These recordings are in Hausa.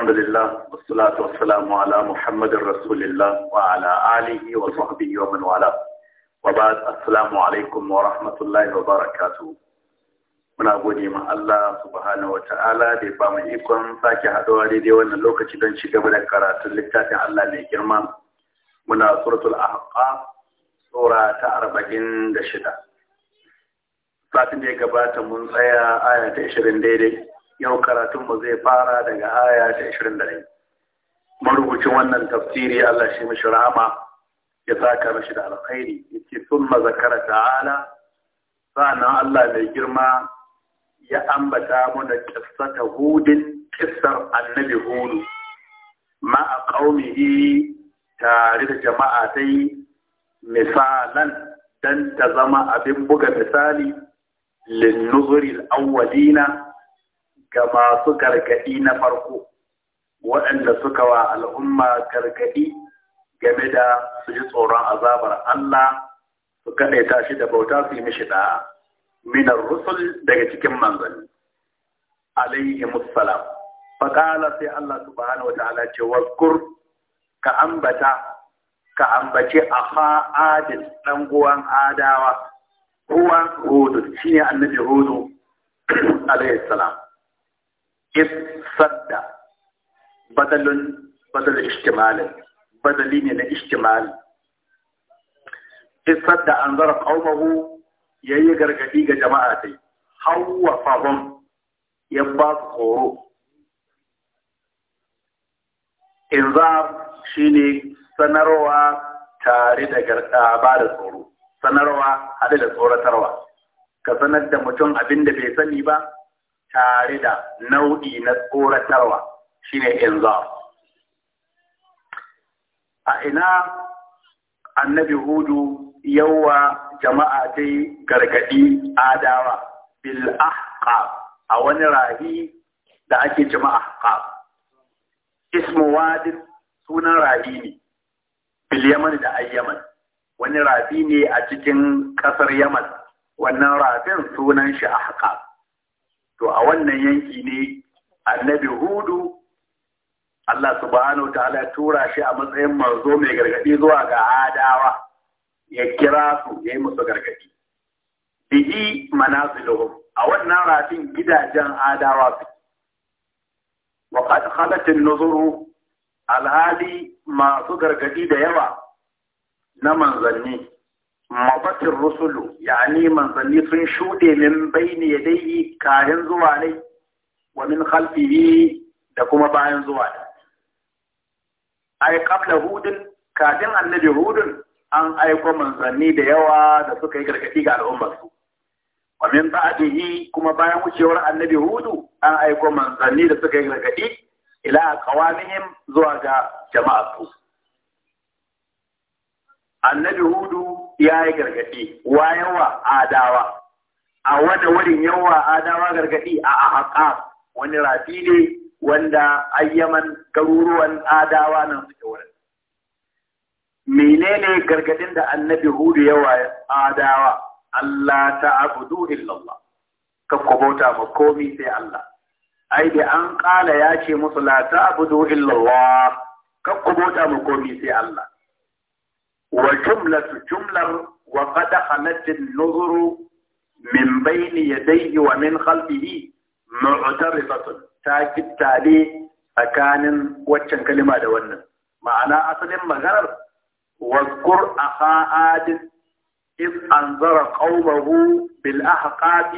الحمد لله والصلاة والسلام على محمد رسول الله وعلى آله وصحبه ومن والاه وبعد السلام عليكم ورحمة الله وبركاته muna gode ma Allah subhanahu wata'ala da ya bamu ikon sake haɗuwa daidai wannan lokaci don ci gaba da karatun littafin Allah mai girma muna suratul ahqa sura ta arba'in da shida satin da ya gabata mun tsaya aya ta ishirin daidai yau karatun mu zai fara daga aya ta 21 marubucin wannan tafsiri Allah shi mishi rahama ya saka mishi da alkhairi yace thumma zakara ta'ala sa'annan Allah mai girma ya ambata mu da qissata hudin qissar annabi hudu ma a qaumihi tare da jama'a dai misalan dan ta zama abin buga misali lin nuzuri al-awwalina ga masu gargaɗi na farko waɗanda suka wa al'umma gargaɗi game da su ji tsoron azabar Allah su kaɗaita shi da bauta su yi mishi ɗa'a minar rusul daga cikin manzanni alaihi musallam faƙala sai Allah subhanahu wa ta'ala ce wazkur ka ambata ka ambace akha adil dan uwan adawa uwan hudu shine annabi hudu alaihi salam sadda badalun badal ishtimalin badali ne na ishtimal sadda an zara qaumahu yayi gargadi ga jama'a dai hawwa fahum ya ba tsoro inzar shine sanarwa tare da gargaba da tsoro sanarwa haɗe da tsoratarwa ka sanar da mutum abin da bai sani ba tare da nau'i na tsoratarwa shine inzar a ina annabi hudu yawa jama'a dai gargadi adawa bil ahqab a wani rahi da ake jama'a ahqab ismu wadin sunan rahi ne bil yaman da ayyaman wani rafi ne a cikin kasar yaman wannan rafin sunan shi ahqab to a wannan yanki ne annabi hudu Allah subhanahu wa ta'ala tura shi a matsayin manzo mai gargadi zuwa ga adawa ya kira su ya yi musu gargadi bihi manaziluhum a wannan rafin gidajen adawa su wa qad khalat an-nuzuru alhali masu gargadi da yawa na manzanni mabatin rusulu yani manzanni sun shuɗe min bayni yi kayan zuwa ne wa min khalfihi da kuma bayan zuwa ne ai qabla hudin kafin annabi hudin an aiko manzanni da yawa da suka yi gargadi ga al'ummarsu wa min ba'dihi kuma bayan wucewar annabi hudu an aiko manzanni da suka yi gargadi ila qawamihim zuwa ga su. annabi hudu ya yi gargaɗi wa yawa adawa a wani wurin yawa adawa gargaɗi a ahaka wani rafi ne wanda ayyaman garuruwan adawa nan suke wurin menene gargadin da annabi hudu yawa adawa Allah ta abudu illallah ka kubauta ma komi sai Allah ai da an kala ya ce musu la ta abudu illallah ka kubauta ma komi sai Allah wa jumlatu jumlar wa qad halatin nuzuru min ya yadayhi wa min khalfihi mu'tarifatun ta kittale tsakanin waccan kalima da wannan ma'ana asalin maganar wazkur akha adin إذ أنذر قومه بالأحقاب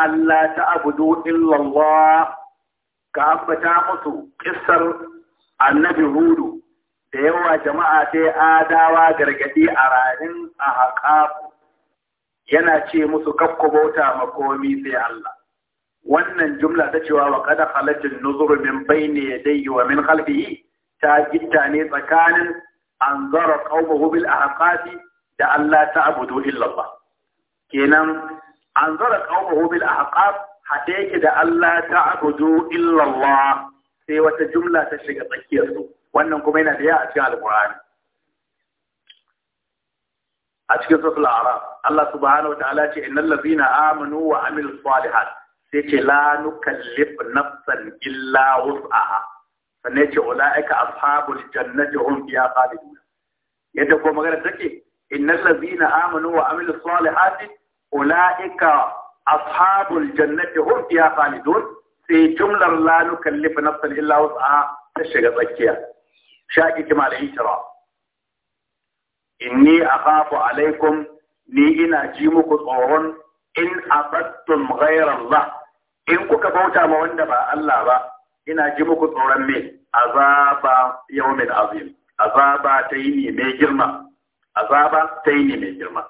ألا تعبدوا إلا الله كأبتا مسو قصر النبي هود da yawa jama'a sai adawa gargadi a ranin a haƙafu yana ce musu kakku bauta makomi sai Allah wannan jumla ta cewa wa kada halatin nuzur min ya yadayhi wa min khalfihi ta gitta ne tsakanin an zara qaumahu bil ahqafi da Allah ta abudu illa kenan an zara qaumahu bil ahqaf hade yake da Allah ta abudu illa sai wata jumla ta shiga tsakiyarsu. su wannan kuma yana da ya a cikin alqur'ani a cikin suratul a'raf Allah subhanahu wa ta'ala ce innal ladzina amanu wa amilus salihat sai ce la nukallif nafsan illa wus'aha sannan ce ulaika ashabul jannati hum fiha khalidun yadda ko magana take innal ladzina amanu wa amilus salihati ulaika ashabul jannati hum fiha khalidun sai jumlar la nukallifu nafsan illa wus'aha ta shiga tsakiya shaki kima da hijira inni akhafu alaikum ni ina ji muku tsoron in abattum ghayra Allah in kuka bauta ma wanda ba Allah ba ina ji muku tsoron me azaba yawmin azim azaba ta yi ne girma azaba ta yi ne mai girma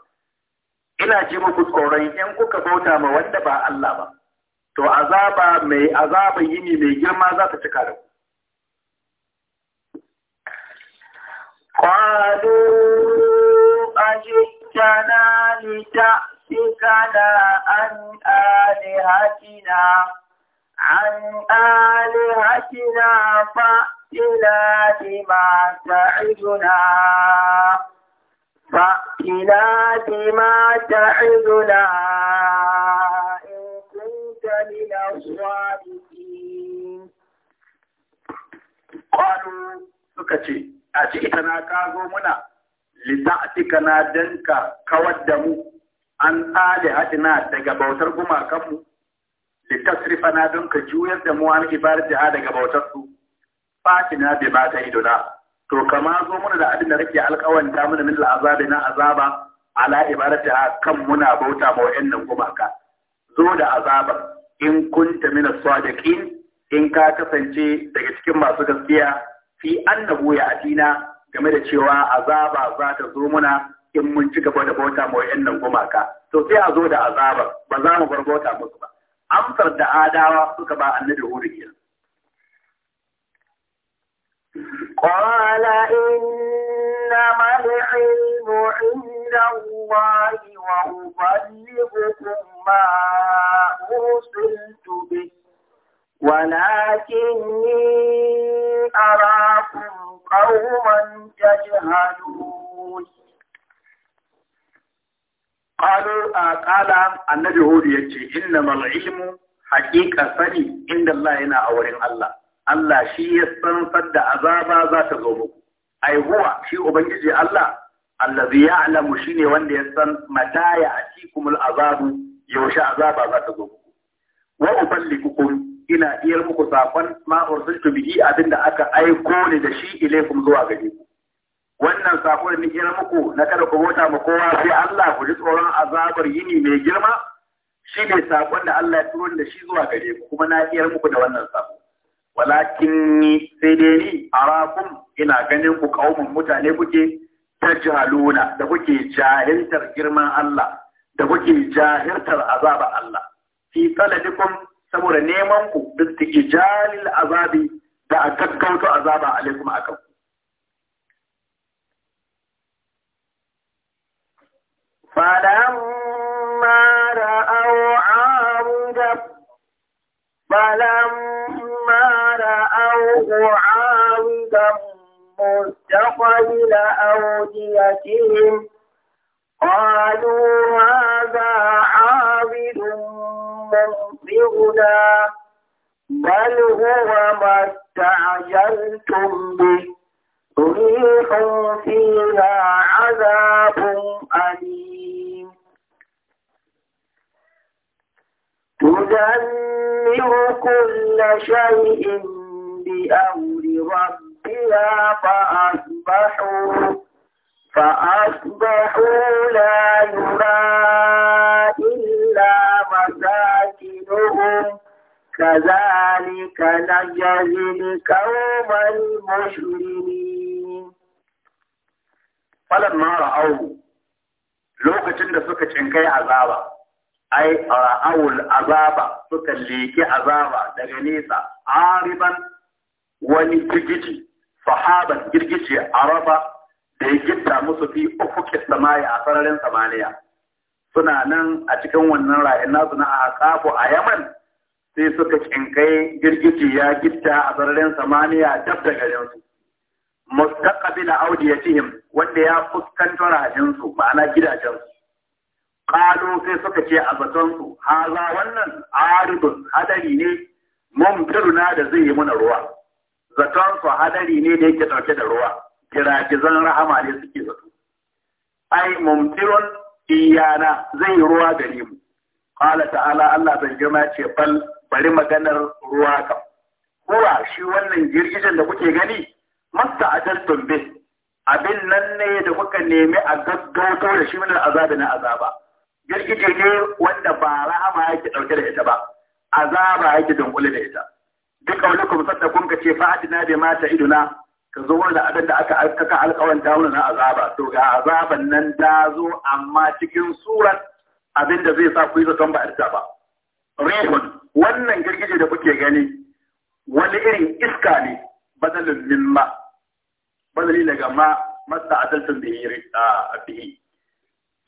ina ji muku tsoron in kuka bauta ma wanda ba Allah ba to azaba mai azaba yini mai girma za ta cika da ku قالوا أجئتنا لتأفكنا عن آلهتنا عن آلهتنا فأتنا بما تعدنا فأتنا بما تعدنا إن كنت من الصادقين قالوا سكتي a ce ita na kago muna lita'atika na danka kawar da mu an tsale hadina daga bautar gumakanmu litasrifa na don ka juyar da mu an ibar jiha daga bautar su fatina bai ba ta idona to kama zo muna da abin da rike alƙawanta muna min azabi na azaba ala jiha kan muna bauta ma wa'annan gumaka zo da azaba in kunta min as-sadiqin in ka kasance daga cikin masu gaskiya fi Annabu ya adina game da cewa azaba za ta zo muna in mun ci gaba da bauta ma nan gumaka to sai a zo da azaba ba za mu bar bauta musu ba amsar da adawa suka ba annabi hudu kenan قال إنما العلم عند الله وأبلغكم ما أرسلت به ولكني أراكم قوما تجهلون قالوا قال النبي هود يجي إنما العلم حقيقة سني عند الله هنا أولين الله Allah shi ya san sadda azaba za ta zo muku. Ai huwa shi Ubangiji Allah, Allah ya alamu shi ne wanda ya san mataya a cikumul azabu yaushe azaba za ta zo muku. Wa uballi ina iyar muku sakon ma ursiltu bihi abinda aka aiko ni da shi ilaikum zuwa gare ku wannan sako ne iya muku na kada ku bauta ma kowa sai Allah ku ji tsoron azabar yini mai girma shi ne sakon da Allah ya turo da shi zuwa gare ku kuma na iyar muku da wannan sako walakin ni sai dai ni arakum ina ganin ku kaumun mutane kuke tajaluna da kuke jahiltar girman Allah da kuke jahiltar azabar Allah fi talabikum saboda neman ku duk da ijalil azabi da a gaggauta azaba alaikum akan فلما رأوا عارضا فلما رأوه عارضا مستقبل أوديتهم هدى بل هو ما استعجلتم به ريح فيها عذاب أليم تدمر كل شيء بأمر ربها فأصبحوا فأصبحوا لا يرى إلا كذلك نجزي القوم المجرمين فلما رأوه lokacin da suka cinkai azaba ai ra'awul azaba suka leki azaba daga nesa ariban wani girgiji sahaba girgije araba da ya gitta musu fi ufukin samaya a sararin samaniya suna nan a cikin wannan ra'ayin nasu na a a yaman sai suka kinkai girgiji ya gitta a sararin samaniya dab da garinsu. Mustaqabila audiyatihim wanda ya fuskantar hajinsu ma'ana gidajensu. Kalu sai suka ce a zatonsu, haza wannan aridun hadari ne mun firuna da zai yi mana ruwa. Zatonsu hadari ne da yake ɗauke da ruwa, giragizan rahama ne suke zato. Ai, mumtirun iyana zai yi ruwa gare mu. Kala ta'ala Allah bai girma ce bal bari maganar ruwa kam Kowa shi wannan girgijen da kuke gani masta ajaltum bih abin nan ne da kuka nemi a gaggauto da shi min azabi na azaba girgije ne wanda ba rahama yake ɗauke da ita ba azaba yake dunkule da ita duk wani kuma sadda kun ka ce bai mata ido na ka zo da abin da aka aka alƙawanta mana na azaba to ga azaban nan ta zo amma cikin surar abin da zai sa ku yi zaton ba a ba rihun wannan girgije da kuke gani wani irin iska ne badalin mimma badali daga ma masa adalcin bihiri a bihi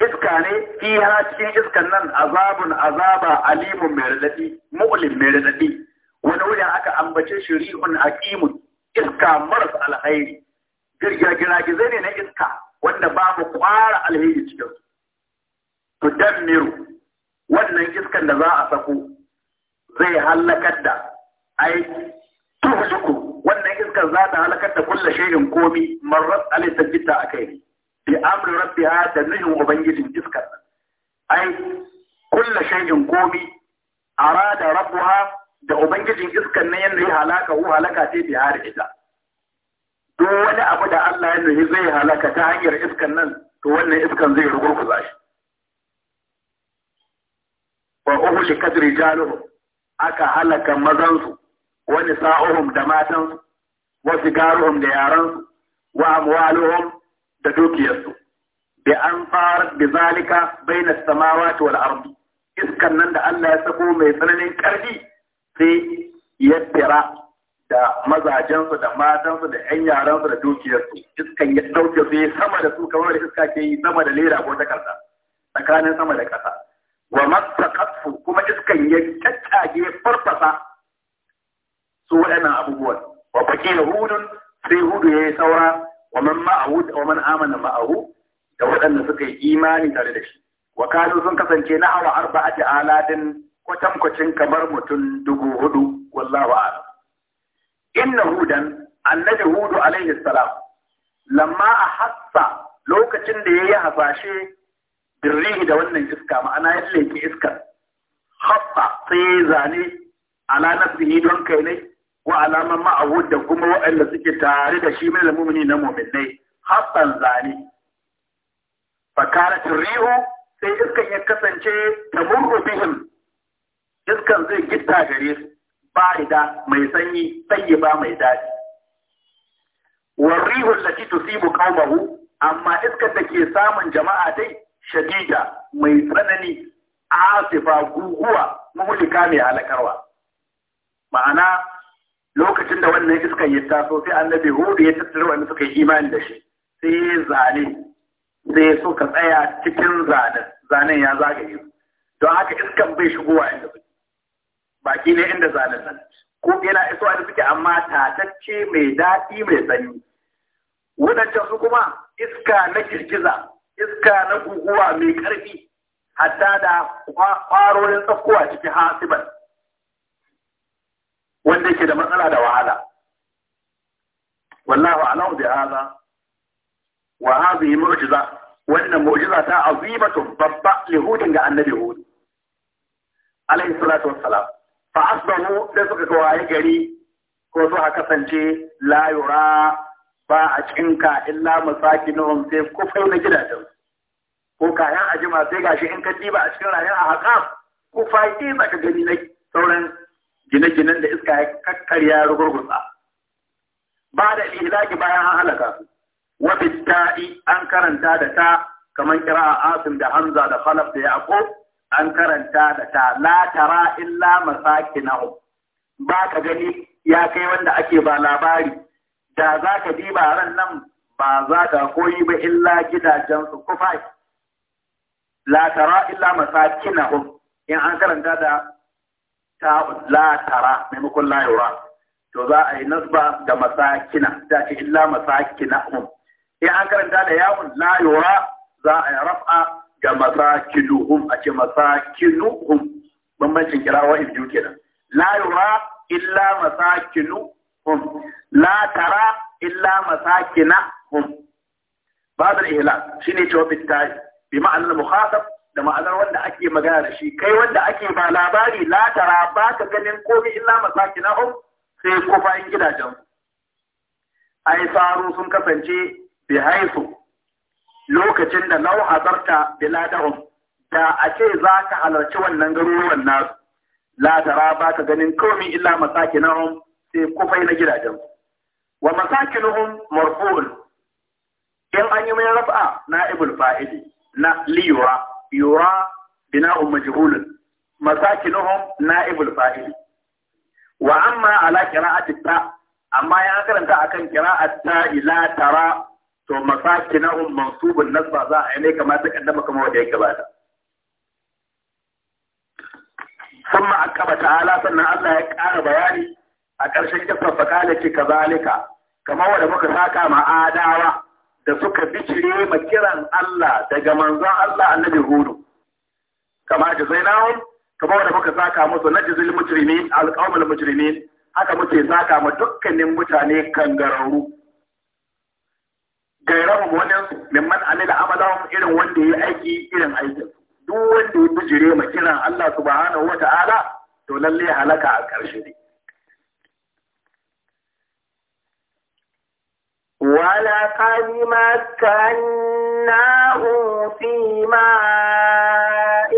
iska ne yana cikin iskan nan azabun azaba alimun mai radadi mu'lim mai radadi wani wuyan aka ambace shi rihun aqimun iska maras alhairi girgiragizai ne na iska wanda ba mu kwara alheri cikin su tudammiru wannan iskan da za a sako zai halakar da ai tuhliku wannan iskan za ta halakar da kulla shayin komi marrat alai sajjita akai ne bi amri rabbiha da nuhin ubangijin iskan ai kulla shayin komi arada rabbuha da ubangijin iskan nan yanda ya halaka hu halaka sai bi har ita duk wani abu da Allah ya nuhi zai halaka ta hanyar iskan nan to wannan iskan zai rugurguza shi wa kadri jaluhu aka halaka mazansu wa nisa'uhum da matansu wa sigaruhum da yaransu wa amwaluhum da dukiyarsu bi an fara bi zalika baina samawati wal ardi iskan nan da Allah ya sako mai tsananin karfi sai ya tira da mazajensu da matansu da ƴan yaransu da dukiyarsu iskan ya dauke su sama da su kamar iska ke yi sama da leda ko takarda tsakanin sama da ƙasa wa mattaqatfu kuma iskan ya tattage farfasa su waɗannan abubuwan wa fakila hudun sai hudu yi saura wa man ma'ahu wa man amana ma'ahu da waɗanda suka yi imani tare da shi wa kanu sun kasance na awa arba'ati aladin kwatankwacin kamar mutum dubu hudu wallahu a'lam inna hudan annabi hudu alaihi salam lamma a hassa lokacin da yayi hasashe birrihi da wannan iska ma'ana ya leke iskar haɓɓa sai zane ala nafsihi don kai ne wa alaman ma'ahu da kuma waɗanda suke tare da shi mai mumini na muminai haɓɓan zane fakara rihu sai iskan ya kasance ta murgo bihim iskan zai gitta gare su da mai sanyi ba mai daɗi warrihun lati tusibu qaumahu amma iskar da ke samun jama'a dai shadida mai tsanani asifa guguwa mahulika mai halakarwa ma'ana lokacin da wannan iskan ya taso sai annabi hudu ya tattara wani suka yi imani da shi sai ya zane sai suka tsaya cikin zanen zanen ya zagaye don haka iskan bai shigowa inda suke baki ne inda zanen nan ko yana isowa da suke amma tatacce mai daɗi mai sanyi wadancan su kuma iska na girgiza iska na guguwa mai ƙarfi hatta da ƙwarorin tsakowa cikin hasiban wanda ke da matsala da wahala wallahu alahu bi hadha wa hadhihi mu'jiza wannan mu'jiza ta azimatu babba lihudin ga annabi hud alayhi salatu wassalam fa asbahu da suka kawai gari ko suka kasance la yura ba a cinka illa masakinuhum sai kufai na gidajen ko kayan ajima sai gashi in ka diba a cikin rayuwa a haka kufai ba ka gani na sauran gine-ginen da iska ya kakkarya rugurgusa ba da ihlaki bayan an halaka su wa bitta'i an karanta da ta kamar kira asim da hamza da khalaf da yaqub an karanta da ta la tara illa masakinahum ba ka gani ya kai wanda ake ba labari da za ka diba ran nan ba za ka koyi ba illa gidajen su kufa la tara illa masakinahum in an karanta da ta la tara maimakon la yura to za a yi nasba da masakina da ce illa masakinahum in an karanta da yawun la yura za a yi raf'a ga masakinuhum a ce masakinuhum bambancin wa ibdu kenan la yura illa masakinuhum Latara la illa masakina hum ba'd al-ihlal shine cewa bittahi bi ma'anar mukhatab da ma'anar wanda ake magana da shi kai wanda ake ba labari Latara tara ba ka ganin komai illa masakina hum sai kofayin gidajen ai saru sun kasance bi haisu lokacin da lau hadarta biladahum da a ce za ka halarci wannan garuruwan nasu Latara tara ba ka ganin komai illa masakinahum kufai na gidajen wa masakinuhum marfu'un in an yi mai rafa na'ibul fa'ili na liyura yura bina'un majhulun masakinuhum na'ibul fa'ili wa amma ala qira'ati ta amma ya karanta akan qira'at ta ila tara to masakinahum mansubun nasba za a yi ne kamar ta kaddama kamar wanda ya gabata ثم عقب تعالى سنة الله يقار بياني a ƙarshen kisa faƙala ce ka zalika kamar wanda muka saka ma adawa da suka bicire ma kiran Allah daga manzon Allah annabi hudu kama da zainahum kamar wanda muka saka musu na jizil mujrimin alqawmul mujrimin haka muke saka ma dukkanin mutane kangararru Gairar wani mimman amila amalahum irin wanda ya aiki irin aikin duk wanda ya bijire ma kiran Allah subhanahu Ta'ala, to lalle halaka a ƙarshe ne ولقد مكناهم في ماء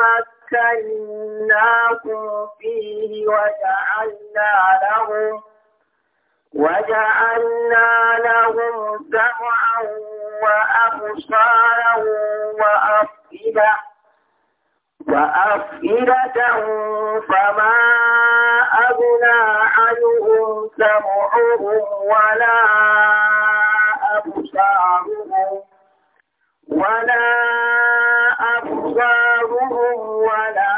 مكناكم فيه وجعلنا لهم وجعلنا لهم سمعا وأبصارا وأفئدة وأفئدة فما أغنى عنهم سمعهم ولا أبصارهم ولا أبصارهم ولا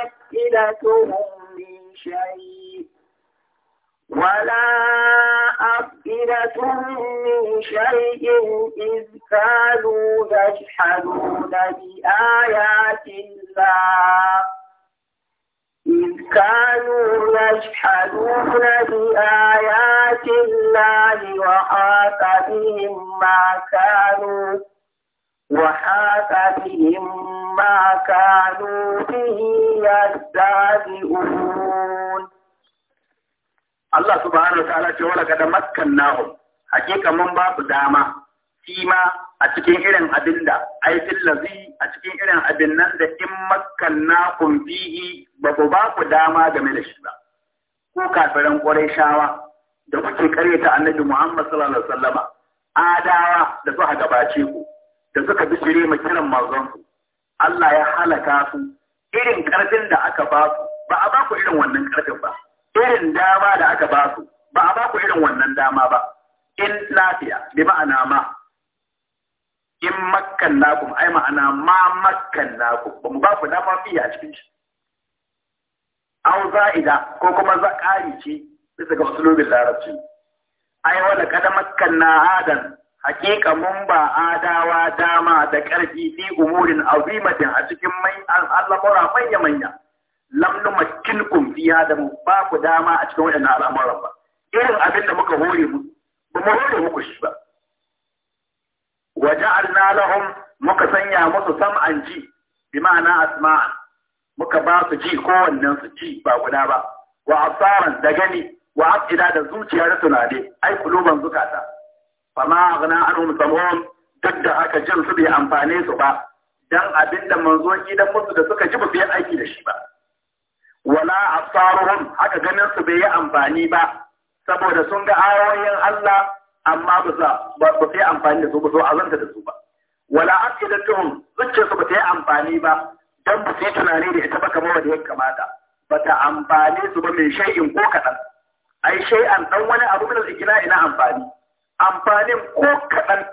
أفئدتهم من شيء ولا أفئدتهم أمثلة من شيء إذ كانوا يجحدون بآيات الله إذ كانوا يجحدون بآيات الله وحاق بهم ما كانوا وحاق بهم ما كانوا به يستهزئون Allah subhanahu ta'ala ce wala kada makkannahum hakika mun ba su dama fima a cikin irin abin da ai lazi a cikin irin abin nan da in makkannakum fihi ba ku ba ku dama game da shi ba ko kafiran shawa da kuke ta annabi Muhammad sallallahu alaihi wasallama adawa da suka gabace ku da suka bi shirye ma kiran manzon ku Allah ya halaka su irin karfin da aka ba ku ba a ba ku irin wannan karfin ba irin dama da aka ba su ba a ba ku irin wannan dama ba in lafiya bi ma'ana ma in makkan nakum ai ma'ana ma makkan ku ba mu ba ku dama fi a cikin shi aw za'ida ko kuma zakari ce bisa ga usulubin larabci ai wala kada makkan na adan hakika mun ba adawa dama da karfi fi umurin azimatin a cikin mai al'amura manya manya lam numakkinkum fi hada ba ku dama a cikin waɗannan al'amuran ba irin abin da muka hore mu ba mu hore muku shi ba wa ja'alna lahum muka sanya musu sam'an ji bi ma'ana asma'a muka ba su ji wannan su ji ba guda ba wa asaran da gani wa afida da zuciya da tunade ai kuluban zukata ma aghna anhum sam'un duk da haka jin su bai amfane su ba dan abin da manzo idan musu da suka ji ba su yi aiki da shi ba wala absaruhum haka ganin su bai yi amfani ba saboda sun ga ayoyin Allah amma ba su ba yi amfani da su ba su azanta da su ba wala aqidatuhum zuciya su ba ta yi amfani ba dan ba su yi tunani da ita ba kamar wanda ya kamata ba ta amfani su ba mai shay'in ko kaɗan ai shay'an dan wani abu da al-ikna ina amfani amfanin ko kaɗan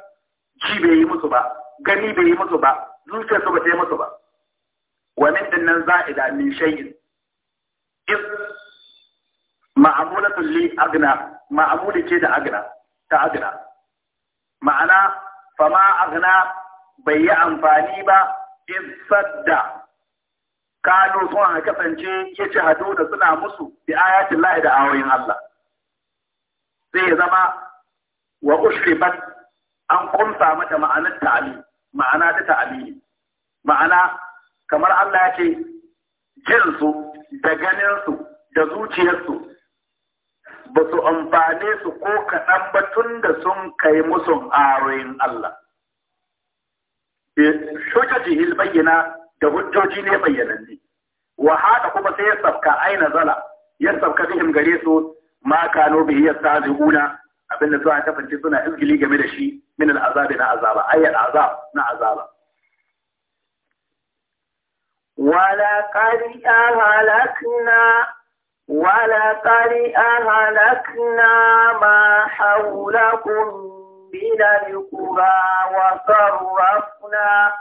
ji bai yi musu ba gani bai yi musu ba zuciya su ba ta yi musu ba wa min dinnan za'ida min shay'in is ma'amulatun li agna ma'amuli ce da agna ta agna ma'ana fama agna bai yi amfani ba in sadda kano sun a kasance ya ci hadu da suna musu bi ayatin lahi da ayoyin Allah sai ya zama wa ushribat an kumsa mata ma'anar ta'ali ma'ana ta ta'ali ma'ana kamar Allah ya ce jinsu da ganinsu da zuciyarsu ba su amfane su ko kaɗan ba tun da sun kai musu arayin Allah. Shuka jihil bayyana da hujjoji ne bayyananne, wa haka kuma sai ya sabka aina zala, ya sabka zihim gare su ma kano bihi ya sa abinda abin da suna izgili game da shi min al'azabi na azaba, ayyar azab na azaba. ولقد أهلكنا ولقد أهلكنا ما حولكم من القرى وصرفنا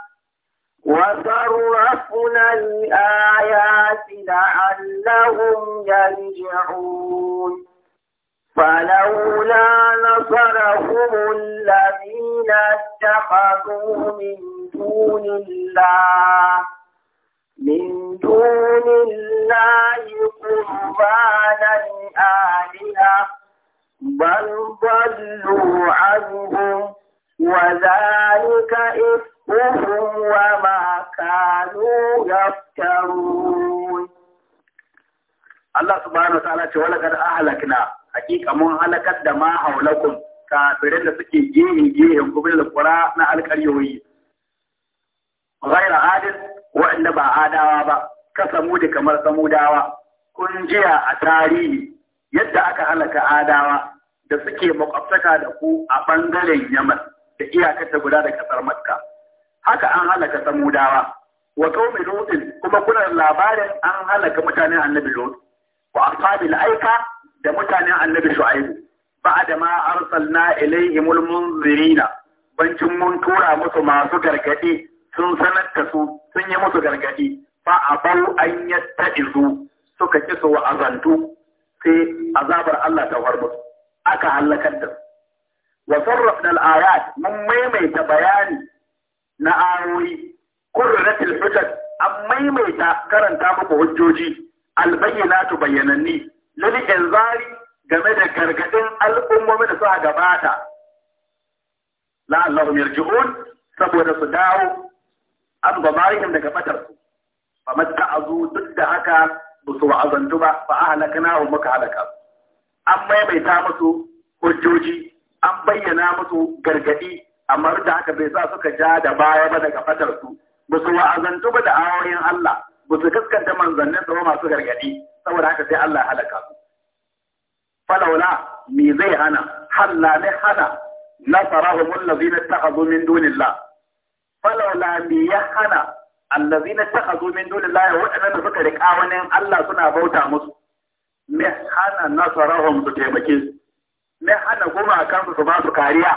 وصرفنا الآيات لعلهم يرجعون فلولا نصرهم الذين اتخذوا من دون الله من دون الله قربانا آلهة بل ضلوا عنهم وذلك إفكهم وما كانوا يفترون Allah subhanahu wataala ce wala kad ahlakna hakika mun halakar da ma haulakum kafirin da suke gehe gehen kuma da na alƙaryoyi adil waɗanda ba adawa ba ka samudi kamar samudawa kun jiya a tarihi yadda aka halaka adawa da suke makwabtaka da ku a ɓangaren yaman da iyakar ta guda da ƙasar makka haka an halaka samudawa wa qaumi lutin kuma kuna labarin an halaka mutanen annabi lut wa aika da mutanen annabi shu'aibu ba'da ma arsalna ilaihimul munzirina bancin mun tura musu masu gargadi sun sanar da su sun yi musu gargadi fa bau an yatta'izu suka ki su wa'azantu sai azabar Allah ta musu. aka halakar da su wa sarrafna al-ayat mun maimaita bayani na ayoyi na hujjat an maimaita karanta muku hujjoji albayyinatu bayyananni lil inzari game da gargadin al'ummomi da suka gabata la'allahum yarji'un saboda su dawo an ba marihim daga fatarsu. fa matta azu duk da haka ba su wa'azantu ba fa ahlakana wa muka halaka an maimaita musu hujjoji an bayyana musu gargadi amma da haka bai sa suka ja da baya ba daga fatarsu su ba su wa'azantu ba da ayoyin Allah ba su kaskanta manzannin su masu gargadi saboda haka sai Allah halaka su falaula me zai hana halla ne hana nasarahumul ladina ta min dunillah falaula me ya hana allazina takhazu min dunillahi waɗannan da suka riƙa wani Allah suna bauta musu me hana nasarahum su taimake su me hana gumakan su ba su kariya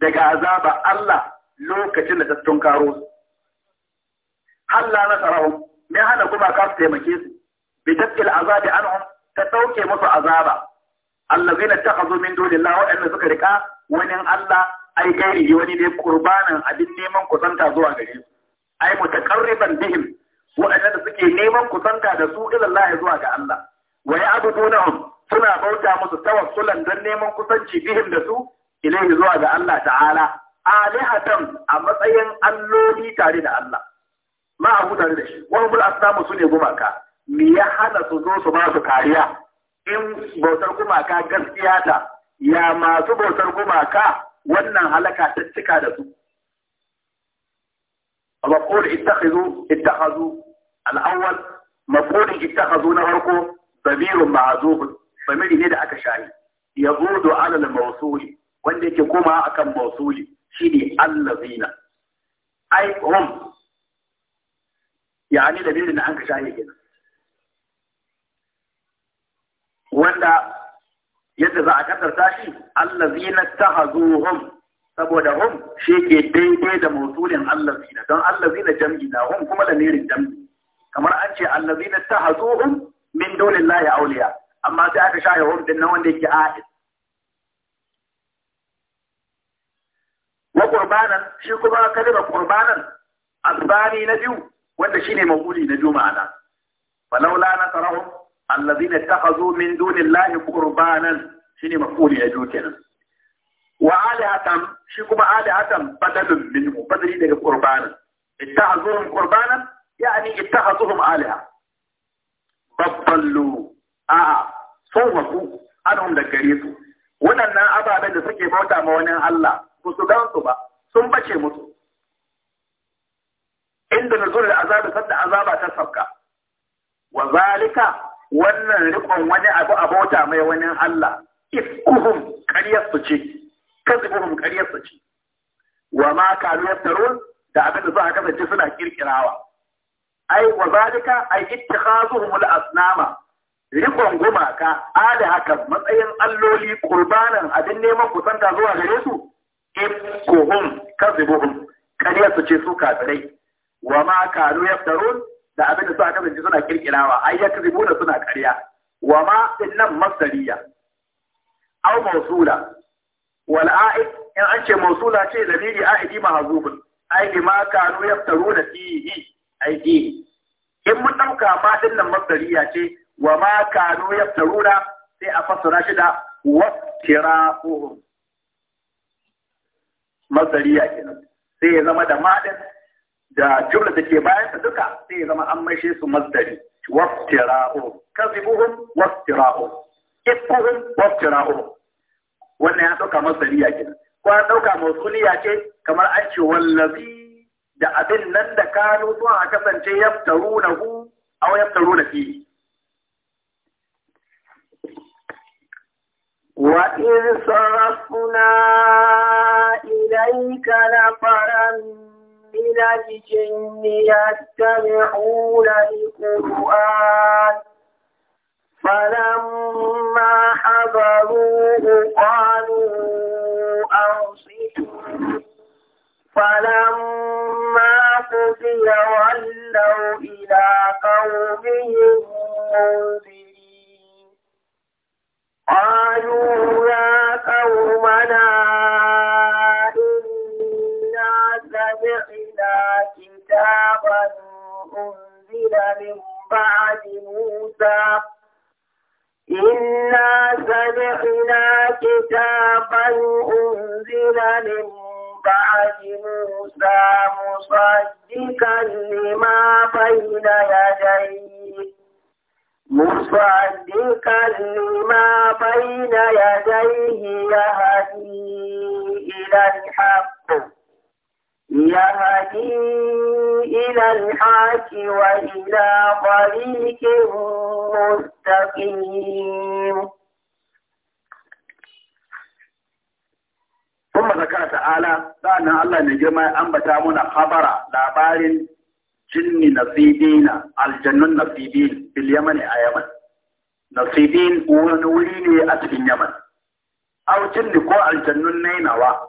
daga azaba Allah lokacin da ta tunkaro su Allah nasarahum me hana gumakan su taimake su bi tafkil azabi anhum ta dauke musu azaba allazina takhazu min dunillahi waɗannan suka riƙa wani Allah ai gairi wani ne kurbanan abin neman kusanta zuwa gare su ai mutaqarriban bihim waɗanda suke neman kusanta da su ila Allah zuwa ga Allah wa ya'budunahum suna bauta musu tawassulan don neman kusanci bihim da su ilaihi zuwa ga Allah ta'ala alihatan a matsayin alloli tare da Allah ma abu da shi wani bula asnamu su ne gumaka me ya hana su zo su ba su kariya in bautar gumaka gaskiya ta ya masu bautar gumaka wannan halaka ta cika da su maqul ita ittakhadhu al-awwal ita ittakhadhu na farko ba a zuhun. famiri ne da aka Ya zo ala alal mawsuli wanda yake koma akan mawsuli shine allazina ai hum yani da birin da an ka shayi kenan wanda yadda za a kasarta shi allazina tahazuhum saboda hun shi ke daidai da Allah zina, don zina jam'i na hun kuma da mirin jam'i kamar an ce allazina tahazuhum min dunillahi awliya amma sai aka shaye hun din na wanda yake a'id wa qurbanan shi kuma kalmar qurbanan asbani na biyu wanda shine mawuli na biyu ma'ana falaula nasarahum allazina takhazu min dunillahi qurbanan shine mafuli ya jo kenan wa alihatan shi kuma alihatan badalun min badali daga qurbanan ittahazuhum qurbanan yani ittahazuhum aliha babballu a'a sun wasu anhum da gare su waɗannan ababen da suke bauta ma wani Allah ba su gan ba sun bace musu inda nuzul azabi azaba ta sabka wa wannan rikon wani abu a bauta mai wani Allah ifkuhum karyar su ce kazibuhum karyar su ce wa ma kalu yaftarun da abin da za a kasance suna kirkirawa ai wa zalika ai ittikhazuhum al-asnama rikon gumaka da haka matsayin alloli qurbanan abin neman kusanta zuwa gare su ifkuhum kazibuhum karyar su ce su kafirai wa ma kalu yaftarun da abin da suka kasance suna kirkirawa ai yakzibuna suna ƙarya wa ma nan masdariya aw mawsula wal a'id in an ce mawsula ce lamiri a'idi mahzufun ai bima kanu yaftaruna fihi ai fihi in mun ɗauka ma din nan masdariya ce wa ma kanu yaftaruna sai a fassara shi da wastira'uhum masdariya kenan sai ya zama da maɗin. da jumla da ke bayan ta duka sai ya zama an maishe su masdari waftira'u kazibuhum waftira'u ikkuhum waftira'u wannan ya dauka ya ke ko an dauka mausuliya ce kamar an ce wallazi da abin nan da kano sun a kasance na hu yaftarunahu aw na fihi وَإِذْ صَرَفْنَا إِلَيْكَ نَفَرًا من الجن يتبعون القرآن فلما حضروه قالوا أنصتوا فلما قضي ولوا إلى قومهم منذرين قالوا يا قومنا من بعد موسى إنا سمعنا كتابا أنزل من بعد موسى مصدقا لما بين يديه مصدقا لما بين يديه يهدي إلى الحق Ya haƙi ilan haƙi wa ila ƙwari ke Allah na girma an bata muna habara labarin jini na fiɗi aljannun na fiɗi fil yaman a yaman. Na fiɗi wani wuri ne a cikin yaman. Aucin ko aljannun nainawa.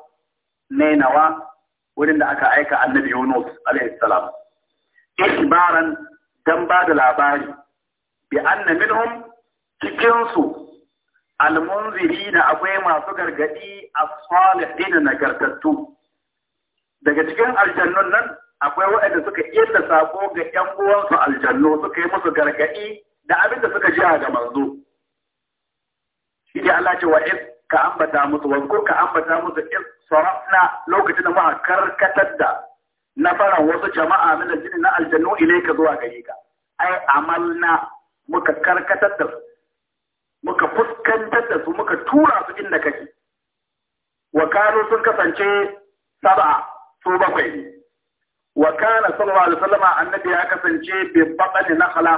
Nainawa wurin da aka aika annabi Yunus alaihi salam ikbaran dan ba da labari bi anna minhum cikin su almunzirina akwai masu gargadi as da nagartattu daga cikin aljannun nan akwai waɗanda suka yadda sako ga yan uwansu aljannu suka yi musu gargadi da abin da suka ji a ga manzo shi Allah ce wa ka ambata musu wanko, ka ambata musu in sarafna lokacin da muka karkatar da na faran wasu jama'a min aljinni na aljannu ilayka zuwa gare ka ai amalna muka karkatar da su muka fuskantar da su muka tura su inda kake wa kanu sun kasance saba su bakwai ne wa kana sallallahu alaihi wasallama annabi ya kasance bi batani nakhla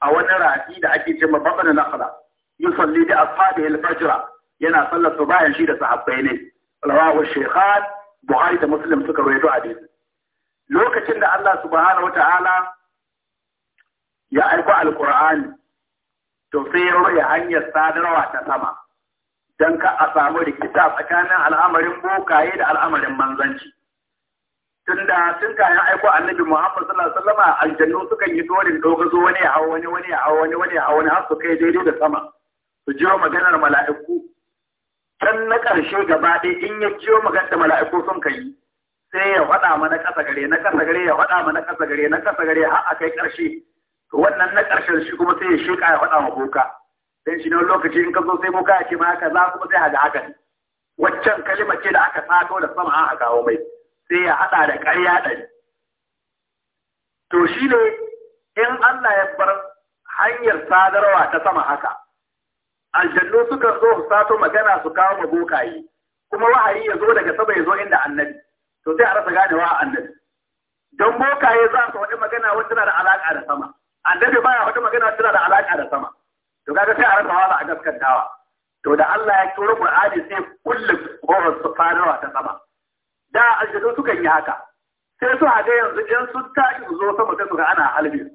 a wani rafi da ake cewa batani nakhla yusalli bi ashabihi al-fajr yana sallar subahin shi da sahabbai ne rawahu shaykhan buhari da muslim suka rawaito hadisi lokacin da Allah subhanahu wataala ya aiko alqur'ani to sai ya rage hanyar sadarwa ta sama dan ka a samu rikita tsakanin al'amarin bokaye da al'amarin manzanci tunda tun ka ya aiko annabi Muhammad sallallahu alaihi wasallam aljannu sukan yi dorin dogazo wani ya hawo wani wani ya hawo wani wani ya hawo wani har su kai daidai da sama su jiro maganar mala'iku can na ƙarshe gaba ɗaya in ya jiyo magana da mala'iku sun kai sai ya faɗa mana ƙasa gare na ƙasa gare ya faɗa mana ƙasa gare na ƙasa gare har a kai ƙarshe to wannan na ƙarshen shi kuma sai ya sheƙa ya faɗa ma boka dan shi ne lokaci in ka zo sai boka ya ce ma haka za ku sai ga haka ne waccan kalmar ce da aka sako da sama a kawo mai sai ya haɗa da ƙarya ɗari to shi ne in Allah ya bar hanyar sadarwa ta sama haka aljannu suka zo su sato magana su kawo ma bokaye kuma wahayi ya zo daga sama ya zo inda annabi to sai a rasa ganewa a annabi don bokaye za su faɗi magana wanda tana da alaƙa da sama annabi baya faɗi magana tana da alaƙa da sama to kaga sai a rasa wala a gaskantawa to da Allah ya turo Qur'ani sai kullum ƙorar su farawa ta sama da aljannu suka yi haka sai su haɗe yanzu in sun tashi su zo sama sai su ga ana halbin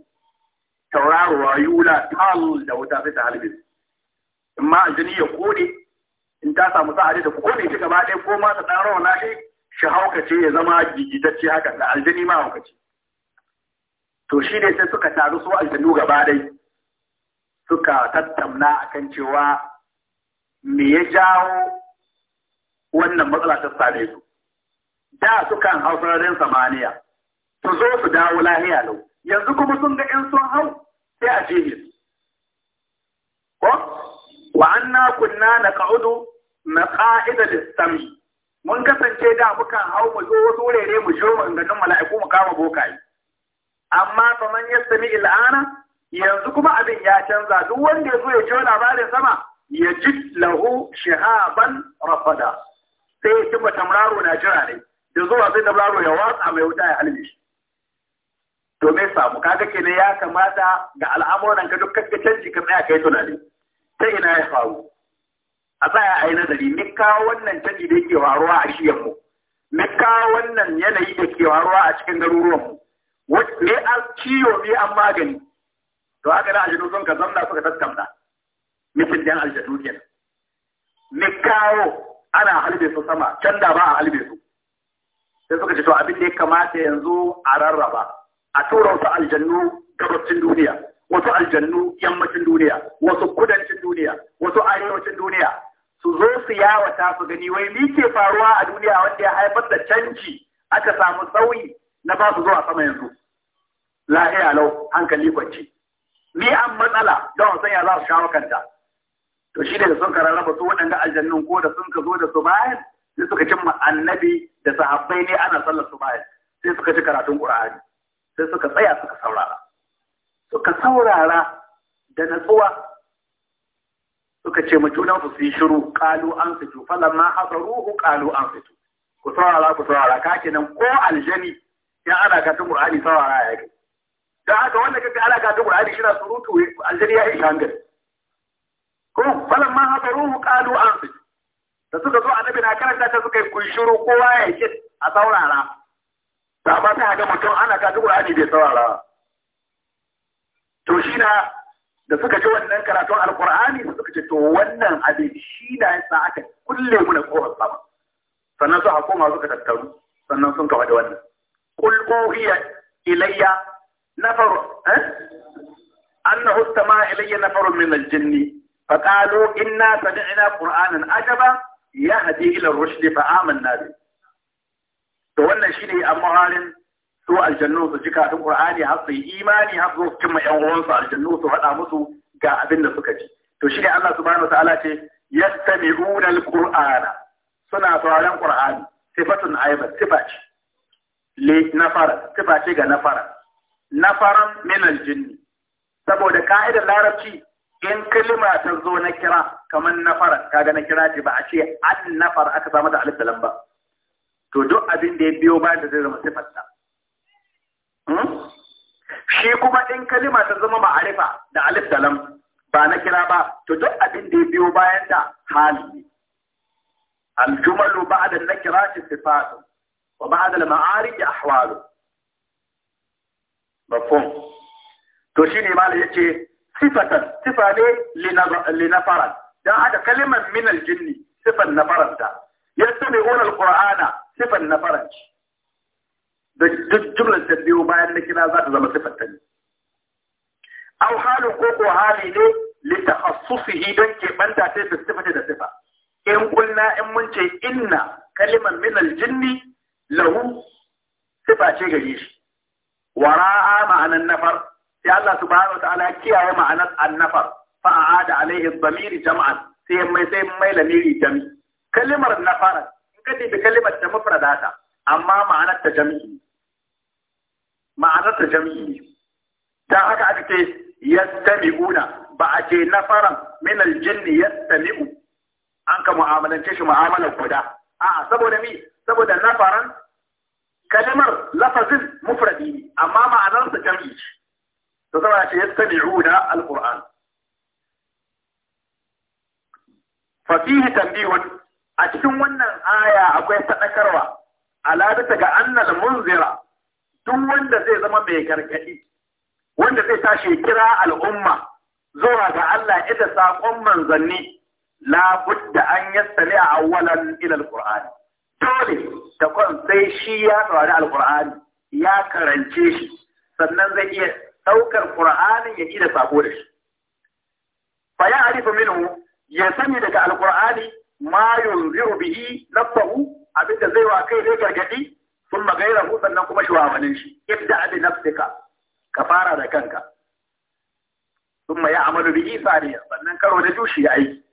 tauraruwa yula tal da wuta sai ta halbin in ma aljini ya kone in ta samu sa'ari da kone shi gaba ɗaya ko ma ta ɗan rawana shi shi haukace ya zama gigitacce haka da aljini ma haukace to shi ne sai suka taru su aljinu gaba ɗaya suka tattauna akan cewa me ya jawo wannan matsala ta same su da sukan hau sararin samaniya su zo su dawo lahiya lau yanzu kuma sun ga in sun hau sai a jehe ko wa anna kunna na na ƙa'ida sami mun kasance da muka hau mu zo wasu wurare mu shiro mu ganin mala'iku mu kama bokaye amma yi sami il'ana yanzu kuma abin ya canza duk wanda ya zo ya ji labarin sama ya ji lahu shahaban rafada sai ya cimma tamraro na jira ne da zuwa sai tamraro ya watsa mai wuta ya halbe shi to me samu kaga kenan ya kamata ga al'amuran ka duk kaskacen canji ka tsaya kai tunani ta ina ya faru a tsaya a yi nazari ni kawo wannan canji da yake faruwa a shiyan mu ni kawo wannan yanayi da ke faruwa a cikin garuruwan mu me a ciwo me an magani to haka da aljanu sun ka zamna suka taskamta mutum dan aljanu kenan ni kawo ana halbe su sama can da ba a halbe su sai suka ce to abin da ya kamata yanzu a rarraba a tura su aljannu gabacin duniya wasu aljannu yammacin duniya wasu kudancin duniya wasu arewacin duniya su zo su yawata su gani wai ni ke faruwa a duniya wanda ya haifar da canji aka samu sauyi na ba su zuwa sama yanzu lahiya lau hankali kwanci ni an matsala don san ya za su shawo kanta to shi da sun rarraba su waɗanda aljannun ko da sun ka zo da su bayan sai suka cin annabi da sahabbai ne ana sallar su bayan sai suka ci karatun ƙur'ani sai suka tsaya suka saurara suka saurara da natsuwa suka ce junansu su yi shiru kalu an fito haɗa ruhu kalu an fito ku saurara ku saurara ka ke nan ko aljani ya ana ka ta qur'ani saurara ya kai don haka wanda kaga ana ka ta qur'ani shi na surutu aljani ya yi shangar ko ma haɗa ruhu kalu an fito da suka zo annabi na karanta ta suka yi kun shiru kowa ya ce a saurara da ba ta ga mutum ana ka ta qur'ani bai saurara to shi na da suka ji wannan karatun alkur'ani suka ce to wannan abin shi na sa aka kulle mu na kofar sama sannan suka koma suka tattaru sannan sun kawo da wannan qul uhiya ilayya nafar eh annahu istama'a ilayya nafar min al-jinn فقالوا إنا سمعنا قرآنا عجبا يهدي إلى الرشد فآمنا به to wannan shine a muhalin su aljannu su ji kafin Qur'ani har su yi imani har su cimma ƴan uwansu aljannu su faɗa musu ga abin da suka ji to shi ne Allah subhanahu wataala ce yastami'una al-Qur'ana suna sauraron Qur'ani sifatun aiba sifa li nafara sifa ga nafara nafaran min al saboda ka'idar larabci in kalima ta zo na kira kamar nafara kaga na kira ce ba a ce an nafara aka samu da alif da lamba to duk abin da ya biyo bayan da zai zama sifarta Hmm? shi kuma ɗin kalima ta zama ma'arifa da alif da lam ba na kira ba to duk abin da ya biyo bayan da hali ne aljumalu ba da na kira sifatu wa ba da ma'ari ya ahwalu mafhum to shi ne malai yace sifatan sifa ne li nafarat dan haka kalimar min aljinni sifan nafarat da yasmi'una alqur'ana sifan nafarat da duk jumlar da biyo bayan na kira za ta zama sifattani aw halin ko ko hali ne li takhassihi don ke banta sai da sifata da sifa in kulna in mun ce inna kaliman min al-jinni lahu sifa ce gare shi wara'a ma'anan nafar sai Allah subhanahu wa ta'ala kiyaye ma'anar annafar fa a'ada alaihi ad-damir jam'an sai mai sai mai lamiri jami kalimar nafara in ka da kalimar ta mufradata amma ma'anar ta jami'i jami'i ne. Ta haka aka ce yastami'una ba a ce nafaran min aljinn yastami'u an ka mu'amalance shi mu'amalar guda a'a saboda mi saboda nafaran kalimar lafazin mufradi ne amma ma'anarsa jam'i ce to saboda ce yastami'una alquran fa fihi tanbihun a cikin wannan aya akwai sadakarwa ala bisa ga annal munzira duk wanda zai zama mai gargaɗi wanda zai tashi kira al'umma zuwa ga Allah ita saƙon manzanni la budda an ne a awwalan ila alqur'ani dole ta kwan sai shi ya tsari alqur'ani ya karance shi sannan zai iya ɗaukar qur'anin ya ida sako da shi fa ya arifa minhu ya sani daga alqur'ani ma yunziru bihi abin abinda zai wa kai zai gargadi sun magaira ku sannan kuma shugabannin shi ibda bi nafsika ka fara da kanka sun ya amalu bi isaniya sannan karo da jushi ya aiki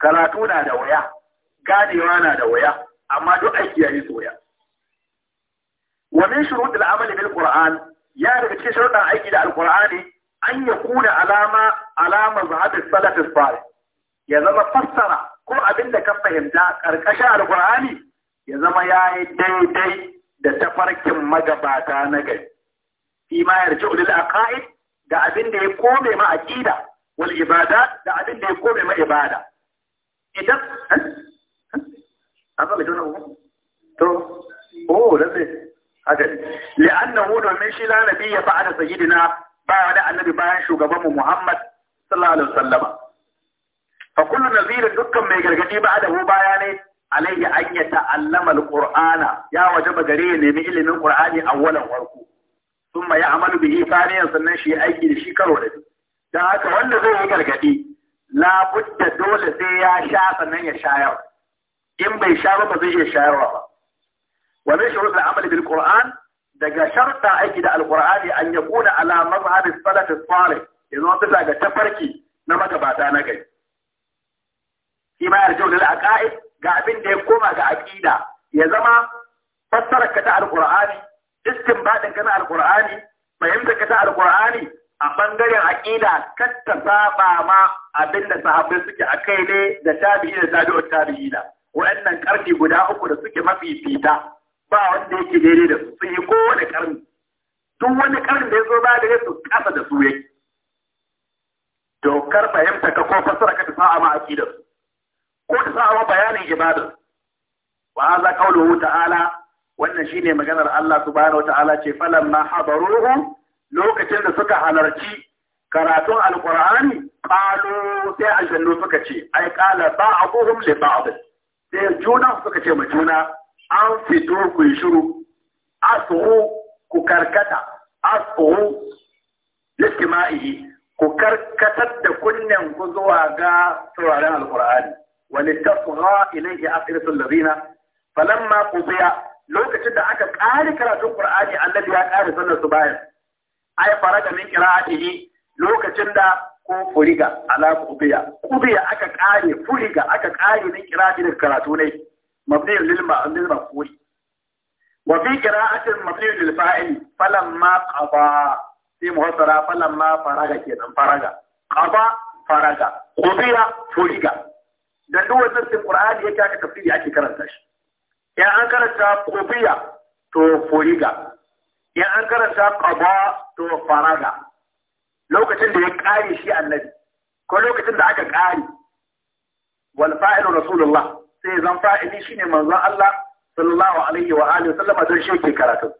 karatu na da waya ganewa na da waya amma duk aiki ya yi soya wa min shurut al-amali bil qur'an ya daga cikin sharuɗan aiki da alqur'ani an yakuna alama alama zahabi salaf salih ya zama fassara ko abin da ka fahimta karkashin alqur'ani ya zama ya yi daidai da tafarkin magabata na gari fi ma rice ulil aqaid da abin da ya kome ma aqida wal ibada da abin da ya kome ma ibada idan eh, eh, amma bidan uku to oh lalle haka li'annahu domin shi la nabiyya ba'da sayyidina ba da annabi bayan shugabanmu Muhammad sallallahu alaihi wasallama fa kullu nazir dukkan mai gargadi ba da hu baya ne alayhi an ya ta'allama alqur'ana ya ba gare ya nemi ilimin qur'ani awwalan farko thumma ya'malu bihi thaniyan sannan shi aiki da shi karo da shi dan haka wanda zai yi gargadi la dole sai ya sha sannan ya shayar in bai sha ba ba zai iya shayarwa ba Wani min shurut al-amal bil qur'an daga sharta aiki da alqur'ani an ya ala alamar as-salaf as-salih yanzu bisa ga tafarki na magabata na gari shi ma yarjau lil aqaid ga abin da ya koma ga aƙida ya zama fassara ka ta alƙur'ani istinbadin ka na alƙur'ani fahimta ka ta alƙur'ani a ɓangaren aƙida kar ta saba ma abin da sahabbai suke a kai ne da tabi'i da tabi'i da wa'annan ƙarni guda uku da suke mafifita ba wanda yake daidai da su sun yi kowane ƙarni duk wani ƙarni da ya zo ba da su kasa da su yake dokar fahimta ka ko fassara ka ta sa'a ma aƙidar su ko ka sa bayanin ibada wa hadha qawluhu ta'ala wannan shine maganar Allah subhanahu ta'ala ce ma hadaruhu lokacin da suka halarci karatun alqur'ani qalu sai aljannu suka ce ai qala ba'dhum li ba'd sai juna suka ce ma juna an fito ku shiru asu ku karkata asu listima'i ku karkatar da kunnen ku zuwa ga sauraron alqur'ani ولتطغى إليه أسئلة الذين فلما قضي لو كتد أكا قال كرة القرآن الذي قال سنة سبايا أي فرج من قراءته lokacin da ko furiga ala kubiya kubiya aka kare furiga aka ƙare min kiraji da karatu ne mabni lil ma'amil mafuri wa fi qira'atin mabni lil fa'il falamma qada sai muhassara falamma faraga kenan faraga qada faraga kubiya furiga dan duk wannan sai Qur'ani yake aka tafsiri ake karanta shi in an karanta qubiya to furiga in an karanta qaba to faraga lokacin da ya kare shi annabi ko lokacin da aka kare wal fa'ilu rasulullah sai zan fa'ili shine manzon Allah sallallahu alaihi wa alihi sallama shi yake karatu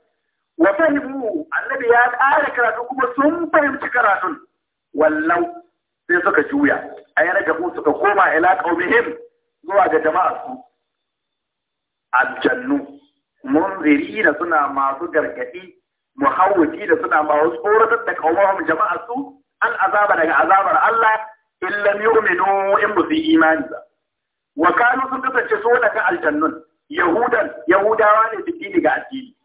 wa fahimu annabi ya kare karatu kuma sun fahimci karatun wallau sai suka juya a yana gabu suka koma ila qaumihim zuwa ga jama'a su aljannu da suna masu gargadi muhawwati da suna ba wasu tsoratar da qaumahum jama'a su an azaba daga azabar Allah in lam yu'minu in bu su imani ba wa kanu sun kasance so daga aljannun yahudan yahudawa ne su ga addini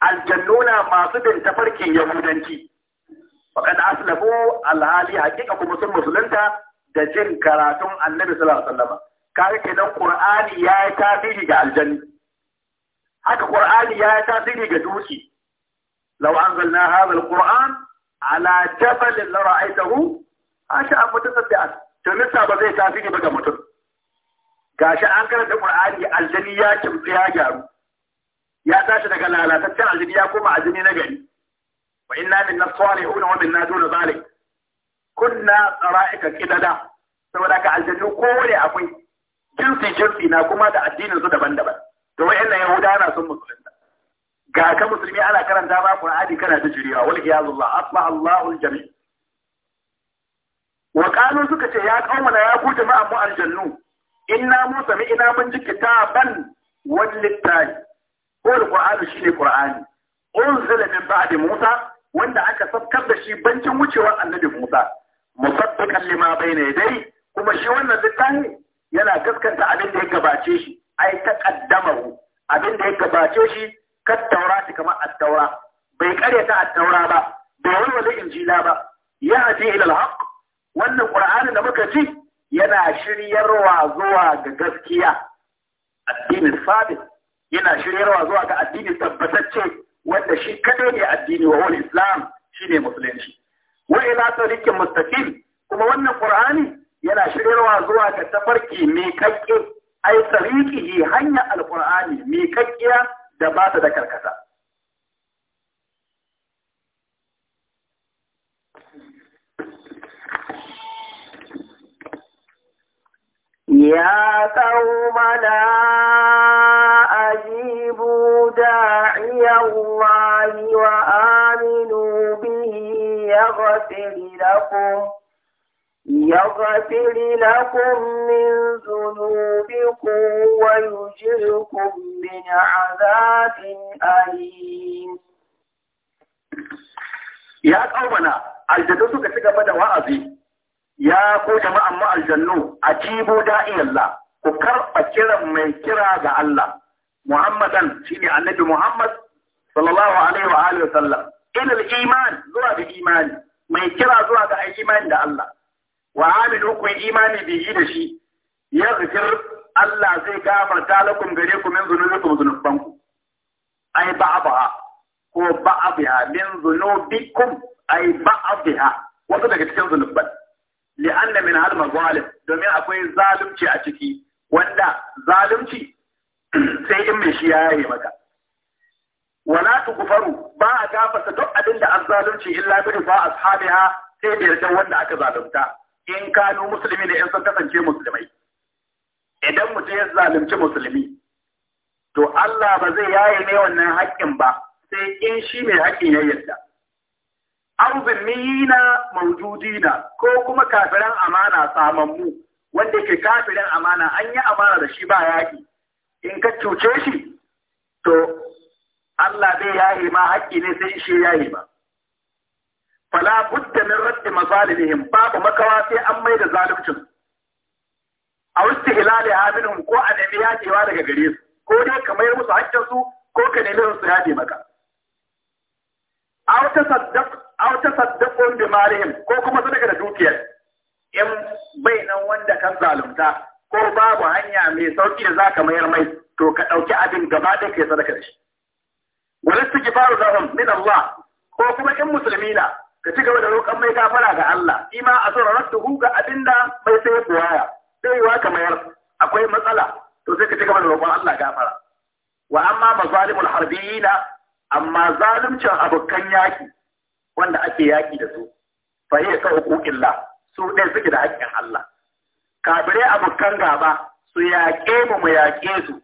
aljannuna masu bin tafarkin yahudanci faqad aslamu alhali hakika kuma sun musulunta da jin karatun annabi sallallahu alaihi wasallam kare kenan qur'ani ya yi tasiri ga aljanni haka qur'ani ya yi tasiri ga duki law anzalna hadha alquran ala jabal la ra'aytahu asha an mutasaddi'a to nisa ba zai tasiri ba ga mutum gashi an karanta qur'ani aljani ya kimtsi ya gyaru ya tashi daga lalataccen aljini ya koma aljini na gari wa inna bin nasalihuna wa bin naduna zalik kunna qara'ika qidada saboda ka aljannu kowane akwai jinsi jinsi na kuma da addinin su daban-daban to wayannan sun musulunta ga ka musulmi ana karanta ba qur'ani kana ta jirewa wal iyazullah asma allahul jami wa qalu suka ce ya mana ya ku jama'an mu aljannu inna mu ina mun ji kitaban wal littafi ko shine qur'ani unzila min ba'di musa wanda aka sabkar da shi bancin wucewar annabi Musa musaddiqan lima bayna yadayhi kuma shi wannan littafi yana gaskanta abin da ya gabace shi ai taqaddamahu abin da ya gabace shi kat taurati kamar at-taura bai karya at-taura ba bai walwala injila ba ya ati ila al-haq wannan qur'ani da muka ci yana shiryarwa zuwa ga gaskiya addinin sabit yana shiryarwa zuwa ga addini tabbatacce wanda shi kadai ne addini wa wani islam shine musulunci Wani ila tariqin mustafin kuma wannan qur'ani yana shiryarwa zuwa ga tafarki mai kakke ai yi hanya alƙur'ani mai kakkiya da ba ta da karkata Ya قومنا أجيبوا da إلى الله وآمنوا به يغفر لكم يغفر لكم من ذنوبكم ويجركم من عذاب أليم يا قومنا aljanu suka ci gaba da wa'azi ya ko jama'an mu aljannu ajibu da'iyallah ku karɓa kiran mai kira ga Allah Muhammadan shine annabi Muhammad sallallahu alaihi wa alihi sallam ila iman zuwa da imani mai kira zuwa ga imani da Allah wa amilu ku imani yi da shi yaghfir Allah zai gafarta lakum gare ku min zunubikum zunubanku ai ba'daha ko ba'daha min zunubikum ai ba'daha wato daga cikin zunuban li'anna min al mazalim domin akwai zalunci a ciki wanda zalunci sai in mai shi ya yi maka wala tughfaru ba a gafarta duk abin da zalunci illa bi fa ashabiha sai da yarda wanda aka zalunta in kanu musulmi ne in sun kasance musulmai idan mutum ya zalunci musulmi to Allah ba zai yaye ne wannan haƙƙin ba sai in shi mai haƙƙin ya yarda aw zimmiyina mawjudina ko kuma kafiran amana saman mu. wanda yake kafirin amana an yi amana da shi ba yaƙi in ka cuce shi to Allah zai yayi ma haƙƙi ne sai shi yayi ba fala budda min raddi mazalimihim babu makawa sai an mai da zaluncin a wasu hilali minhum ko a nemi yaƙewa daga gare su ko dai ka mayar musu haƙƙin su ko ka nemi su yaƙe maka aw tasaddaq aw ko kuma sadaka da dukiyar in bai nan wanda kan zalunta ko babu hanya mai sauƙi da zaka mayar mai to ka ɗauki abin gaba ɗaya kai sadaka da shi wani fara gifaru lahum min Allah ko kuma in musulmi na ka ci gaba da roƙon mai gafara ga Allah Ima a tsoron rasu ga abinda mai sai buwaya sai yiwa kamar akwai matsala to sai ka ci gaba da roƙon Allah gafara wa amma mazalimul harbiyina amma zaluncin abokan yaki wanda ake yaki da su fa hiya ka huquqillah su ɗaya suke da haƙƙin Allah kafirai abokan gaba su yaƙe mu mu yaƙe su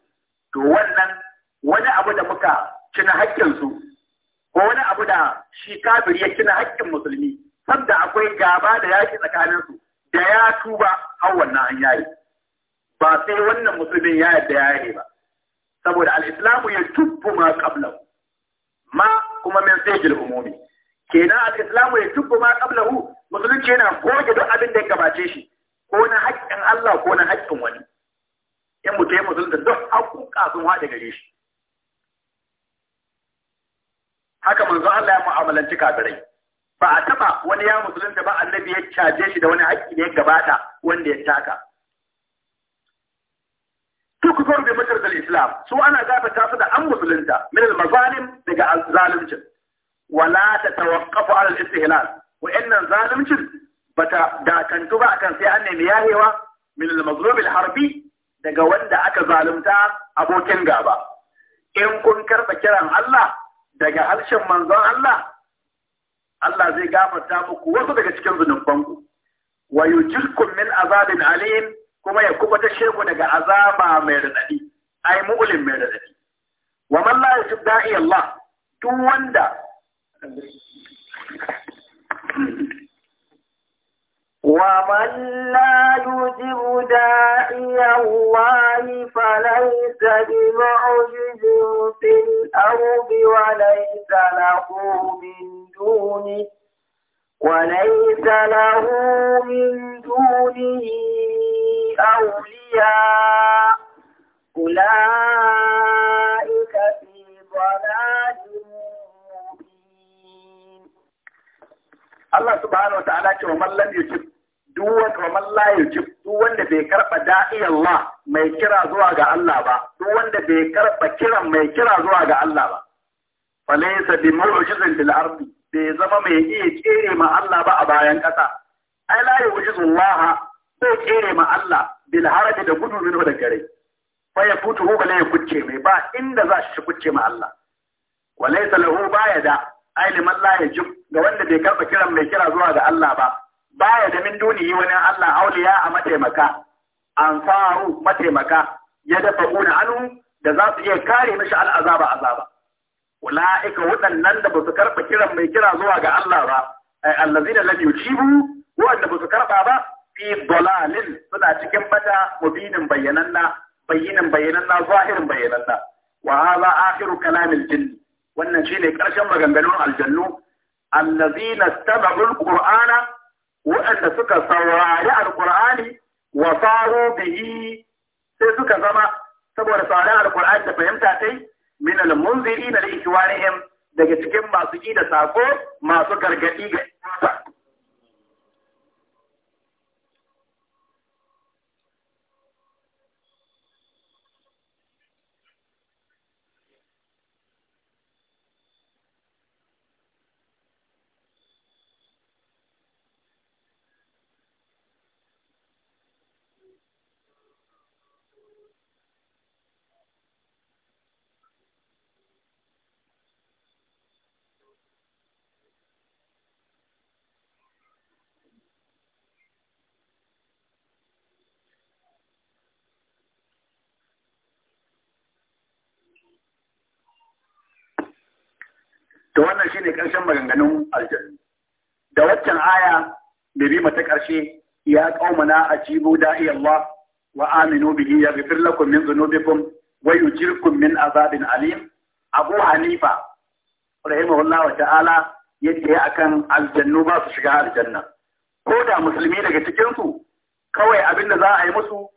to wannan wani abu da muka kina haƙƙinsu ko wani abu da shi kafiri ya kina hakkin musulmi sabda akwai gaba da yaki tsakaninsu da ya tuba har wannan an yayi ba sai wannan musulmin ya yarda ya yare ba saboda al-islamu ya tubu ma qablahu ma kuma min sajil umumi kenan al-islamu ya tubu ma qablahu musulunci yana goge duk abin da ya gabace shi ko na haƙƙin Allah ko na haƙƙin wani in mutum ya musulunta duk haƙƙoƙa sun haɗe gare shi haka manzo Allah ya mu'amalanci kafirai ba a taba wani ya musulunta ba annabi ya caje shi da wani haƙƙi ne ya gabata wanda ya taka tukufar bi mutar da islam su ana gafata su da an musulunta min al mazalim daga zalunci wala ta tawaqqafu ala al istihlal wa innan zalimcin bata dakantu ba akan sai an nemi yahewa min al mazlum al harbi daga wanda aka zalunta abokin gaba in kun karba kiran Allah daga harshen manzon Allah Allah zai gafarta muku wasu daga cikin zunubanku wa jirkun min azabin alim kuma ya kubuta sheku daga azaba mai radadi ai mu'lim mai raɗaɗi wa man la yusib da'i Allah duk wanda ومن لا يجب داعي الله فليس بمعجز في الأرض وليس له من دونه وليس له من دونه أولياء أولئك في ضلال مبين الله سبحانه وتعالى ومن لم يجب duk wanda man duk wanda bai karba da'i mai kira zuwa ga Allah ba duk wanda bai karba kiran mai kira zuwa ga Allah ba falaysa bi mu'jizin bil ardi bai zama mai iya kere ma Allah ba a bayan kasa ai la yu'jizu Allah bai kere ma Allah bil da gudu min da gare fa ya futu ko mai ba inda za shi kucce ma Allah walaysa lahu baya da ai liman la yajib ga wanda bai karba kiran mai kira zuwa ga Allah ba baya da min dunihi wani Allah auliya a mataimaka ansaru mataimaka ya dafa una anu da za su iya kare mishi al'azaba azaba ulaika waɗannan da ba su kiran mai kira zuwa ga Allah ba ai allazina lam yujibu wanda ba su karba ba fi dalalin suna cikin bata mubinin bayyananna bayyinin bayyananna zahirin bayyananna wa hadha akhiru kalamil jinn wannan shine karshen maganganun aljannu allazina tabu alqur'ana waɗanda suka saurari alkur'ani wa faru bihi sai suka zama saboda saurari alkur'ani da fahimta tai min almunziri na da daga cikin masu ji da sako masu gargadi ga to wannan ne karshen maganganun aljannu da waccan aya da bi mata karshe ya qaumana a da'i Allah wa aminu bihi yaghfir lakum min dhunubikum wa yujirkum min azabin alim Abu Hanifa rahimahullah wa ta'ala a akan aljannu ba su shiga aljanna ko da musulmi daga cikin su kawai abinda za a yi musu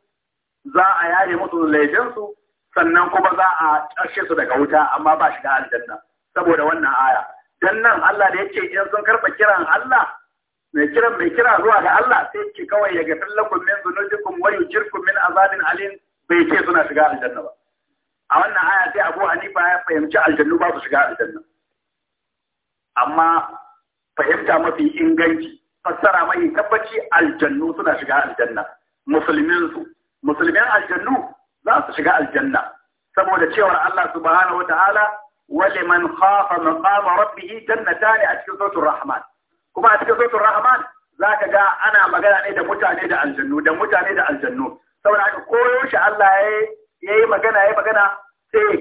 za a yare musu laifinsu sannan kuma za a ƙarshe su daga wuta amma ba shiga aljanna saboda wannan aya dan nan Allah da yake in sun karɓa kiran Allah mai kiran mai kira zuwa ga Allah sai ki kawai ya gafir lakum min dhunubikum wa yujirkum min azabin alim bai ce suna shiga aljanna ba a wannan aya sai Abu Hanifa ya fahimci aljannu ba su shiga aljanna amma fahimta mafi inganci fassara mai tabbaci aljannu suna shiga aljanna musulmin su musulmin aljannu za su shiga aljanna saboda cewar Allah subhanahu ta'ala ولمن خاف مقام ربه جنتان a صوت الرحمن كما أتكي صوت الرحمن ذاك جاء أنا ne da دمتا إيه دا الجنو دمتا إيه دا الجنو saboda haka koyaushe Allah ya yi magana ya yi magana sai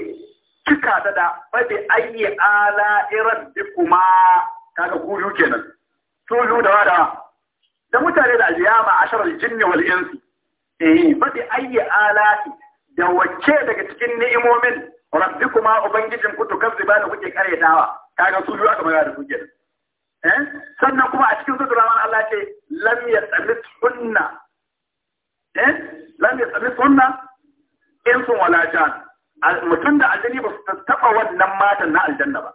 cika ta da faɗi ayi ala iran kuma kaga kuyu kenan soju da wada da mutane da aliyama asharar jinni wal insi eh faɗi ayi ala da wacce daga cikin ni'imomin rabbi kuma ubangijin ku tukazziba da kuke karyatawa kaga su aka kamar da kuke eh sannan kuma a cikin sura man Allah ce lam yatsamit sunna. eh lam sunna, hunna insun wala jan mutum da aljani ba su taba wannan matan na aljanna ba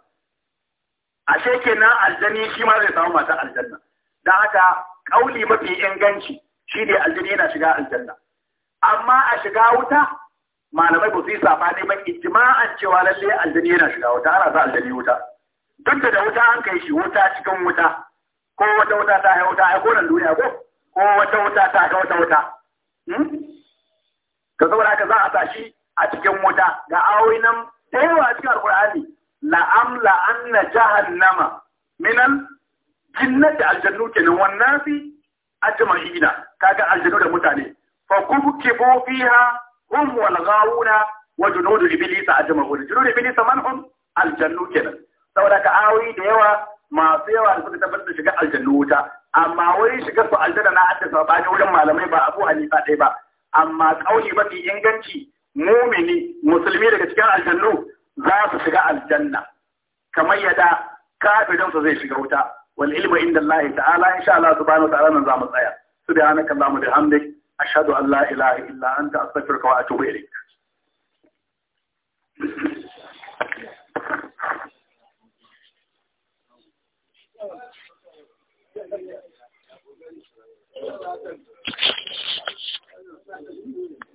ashe kenan aljani shi ma zai samu mata aljanna dan haka kauli mafi inganci shi ne aljani yana shiga aljanna amma a shiga wuta malamai ba su yi sabani ba ijma'an cewa lalle aljani yana shiga wuta ana sa aljani wuta duk da wuta an kai shi wuta cikin wuta ko wata wuta ta haihu wuta ai gonan duniya ko ko wata wuta ta ga wata wuta ka hmm? saboda haka za a tashi a cikin wuta ga awoyi nan da yawa cikin alkur'ani la'am na jahannama minal jinnati aljannu kenan wannan fi ajma'ina kaga aljannu da mutane fa kubkibu fiha hum wal ghawuna wa junudu iblis ajma'un junudu iblis man hum aljannu kenan saboda ka awi da yawa masu yawa da suka tabbatar da shiga aljannu wuta amma wurin shiga su aljanna na hadda sabani wurin malamai ba Abu Hanifa dai ba amma kauli mafi inganci mumini musulmi daga cikin aljannu za su shiga aljanna kamar yadda kafirin su zai shiga wuta wal ilmu inda Allah ta'ala insha Allah subhanahu wa ta'ala nan za mu tsaya subhanaka allahumma bihamdika ashadu an la ilaha illa anta astaghfiruka wa atubu ilayk